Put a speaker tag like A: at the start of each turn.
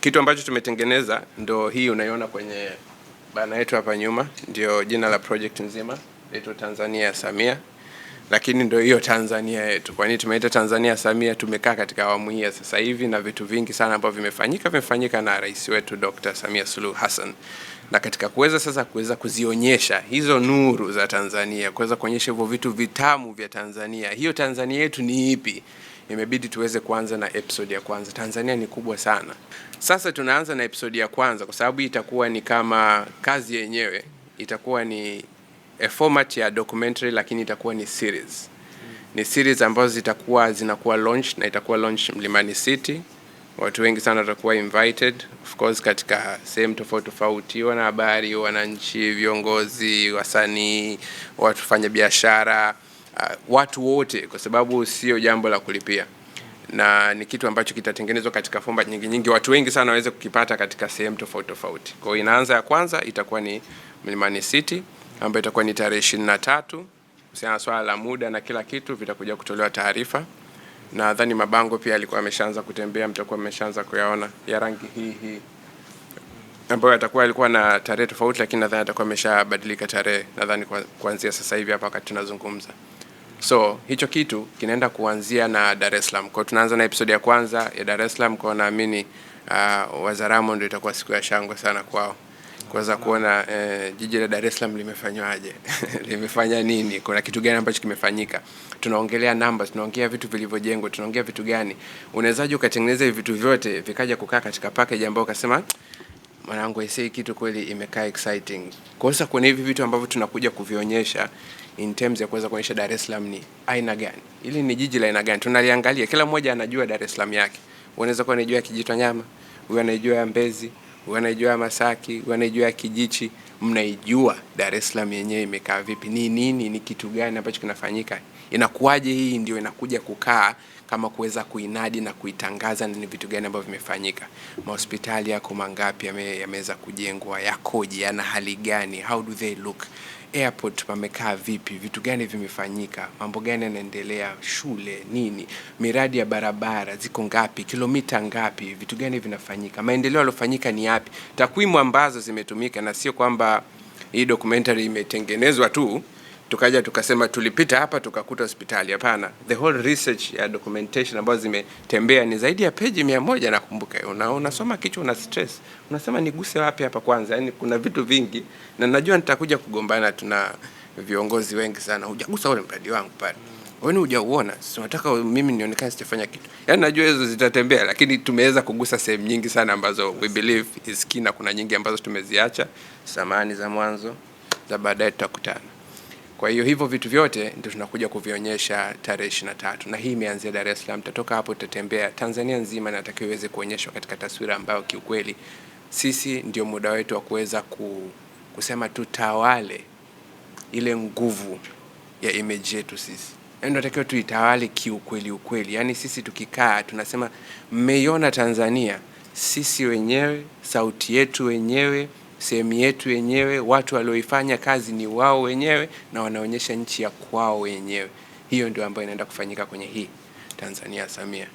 A: Kitu ambacho tumetengeneza ndo hii unaiona kwenye bana yetu hapa nyuma, ndio jina la project nzima, letu Tanzania ya Samia lakini ndio hiyo Tanzania yetu. Kwa nini tumeita Tanzania Samia? Tumekaa katika awamu hii ya sasa hivi na vitu vingi sana ambavyo vimefanyika vimefanyika na rais wetu Dr. Samia Suluhu Hassan, na katika kuweza sasa kuweza kuzionyesha hizo nuru za Tanzania, kuweza kuonyesha hivyo vitu vitamu vya Tanzania, hiyo Tanzania yetu ni ipi? Imebidi tuweze kuanza na episode ya kwanza. Tanzania ni kubwa sana. Sasa tunaanza na episode ya kwanza kwa sababu itakuwa ni kama kazi yenyewe itakuwa ni a format ya documentary, lakini itakuwa ni series. Ni series ambazo zitakuwa zinakuwa launch na itakuwa launch Mlimani City. Watu wengi sana watakuwa invited of course, katika sehemu tofauti tofauti, wanahabari, wananchi, viongozi, wasanii, watu fanya biashara, uh, watu wote, kwa sababu sio jambo la kulipia na ni kitu ambacho kitatengenezwa katika fomba nyingi nyingi, watu wengi sana waweze kukipata katika sehemu tofauti tofauti. Kwa inaanza ya kwanza itakuwa ni Mlimani City ambayo itakuwa ni tarehe ishirini na tatu. Kuhusiana na swala la muda na kila kitu, vitakuja kutolewa taarifa. Nadhani mabango pia yalikuwa yameshaanza kutembea, mtakuwa mmeshaanza kuyaona ya rangi hii hii ambayo atakuwa alikuwa na tarehe tofauti, lakini nadhani atakuwa ameshabadilika tarehe, nadhani kuanzia sasa hivi hapa wakati tunazungumza. So hicho kitu kinaenda kuanzia na Dar es Salaam. Kwa tunaanza na episode ya kwanza ya Dar es Salaam, kwa naamini uh, Wazaramo ndio itakuwa siku ya shangwe sana kwao kuweza kuona eh, jiji la Dar es Salaam limefanywaje, limefanya nini, kuna kitu gani ambacho kimefanyika. Tunaongelea namba, tunaongea vitu vilivyojengwa, tunaongea vitu gani. Unawezaje ukatengeneza hivi vitu vyote vikaja kukaa katika package ambayo ukasema mwanangu, aisee, kitu kweli imekaa exciting. Kwa sasa kuna hivi vitu ambavyo tunakuja kuvionyesha in terms ya kuweza kuonyesha Dar es Salaam ni aina gani, ili ni jiji la aina gani, tunaliangalia. Kila mmoja anajua Dar es Salaam yake. Unaweza kuwa anajua Kijitonyama, huyu anajua Mbezi wanaijua Masaki, wanaijua Kijichi, mnaijua Dar es Salaam yenyewe imekaa vipi, ni nini, ni kitu gani ambacho kinafanyika, inakuwaje? Hii ndio inakuja kukaa kama kuweza kuinadi na kuitangaza, ni vitu gani ambavyo vimefanyika, mahospitali yako mangapi, yameweza kujengwa, yakoje, yana hali gani, how do they look airport pamekaa vipi, vitu gani vimefanyika, mambo gani yanaendelea, shule nini, miradi ya barabara ziko ngapi, kilomita ngapi, vitu gani vinafanyika, maendeleo yaliyofanyika ni yapi, takwimu ambazo zimetumika, na sio kwamba hii documentary imetengenezwa tu tukaja tukasema tulipita hapa tukakuta hospitali. Hapana, the whole research ya uh, documentation ambazo zimetembea ni zaidi ya peji mia moja. Nakumbuka una, unasoma kichwa una stress, unasema niguse wapi hapa kwanza. Yani kuna vitu vingi, na najua nitakuja kugombana, tuna viongozi wengi sana, hujagusa ule mradi wangu pale wewe hujauona, unataka mimi nionekane sitafanya kitu. Yaani najua hizo zitatembea, lakini tumeweza kugusa sehemu nyingi sana ambazo we believe is key, na kuna nyingi ambazo tumeziacha
B: samani za mwanzo za baadaye tutakutana
A: kwa hiyo hivyo vitu vyote ndio tunakuja kuvionyesha tarehe ishirini na tatu na hii imeanzia Dar es Salaam. Tutatoka hapo, tutatembea Tanzania nzima, natakiwa iweze kuonyeshwa katika taswira ambayo kiukweli sisi ndio muda wetu wa kuweza kusema tutawale ile nguvu ya image yetu sisi yaani tunatakiwa tuitawale kiukweli ukweli. Yaani sisi tukikaa tunasema mmeiona Tanzania, sisi wenyewe, sauti yetu wenyewe sehemu yetu yenyewe, watu walioifanya kazi ni wao wenyewe na wanaonyesha nchi ya kwao wenyewe. Hiyo ndio ambayo inaenda kufanyika kwenye hii Tanzania Samia.